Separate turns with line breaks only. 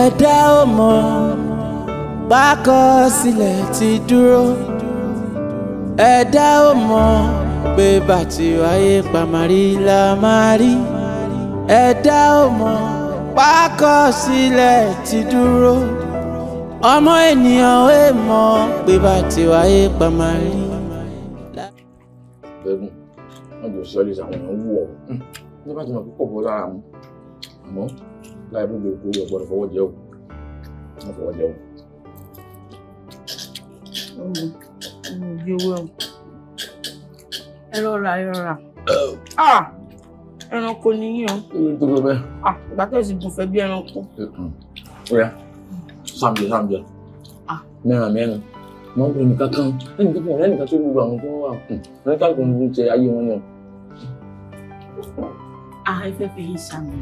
ẹ̀dá ò mọ̀ bákọsílẹ̀ ti dúró ẹ̀dá ò mọ̀ pé bàtí wáyé pàmàrí la máa rí ẹ̀dá ò mọ̀ bákọsílẹ̀ ti dúró ọmọ ènìyàn ò mọ̀ pé bàtí wáyé pàmàrí.
bẹ́ẹ̀ni wọ́n jọ sọ́ọ́lì àwọn èèyàn wù ọ́ nígbà hm, tí wọ́n kọ́kọ́ bọ́ lára mu àmọ́ láì mú gbogbo orí ọ̀gbọ́dọ̀ fọwọ́ jẹ o wọ́n
jẹ o. ẹ rọra ẹ rọra ah! ẹranko nìyí o. kí ló ń tó bẹ́ẹ̀. Ah, ìgbà tó sì bùfẹ́ bí ẹranko.
ọ̀ya sàmjẹ sàmjẹ ah. mẹ́rin mẹ́rin wọ́n ń pè ní kankan
ẹnì kankan ọ̀rẹ́ nìkan tó gbogbo àwọn tó wà kù ní káàkiri
ní ti ayé wọn ni.
àìfẹ́fẹ́ yìí sàmì.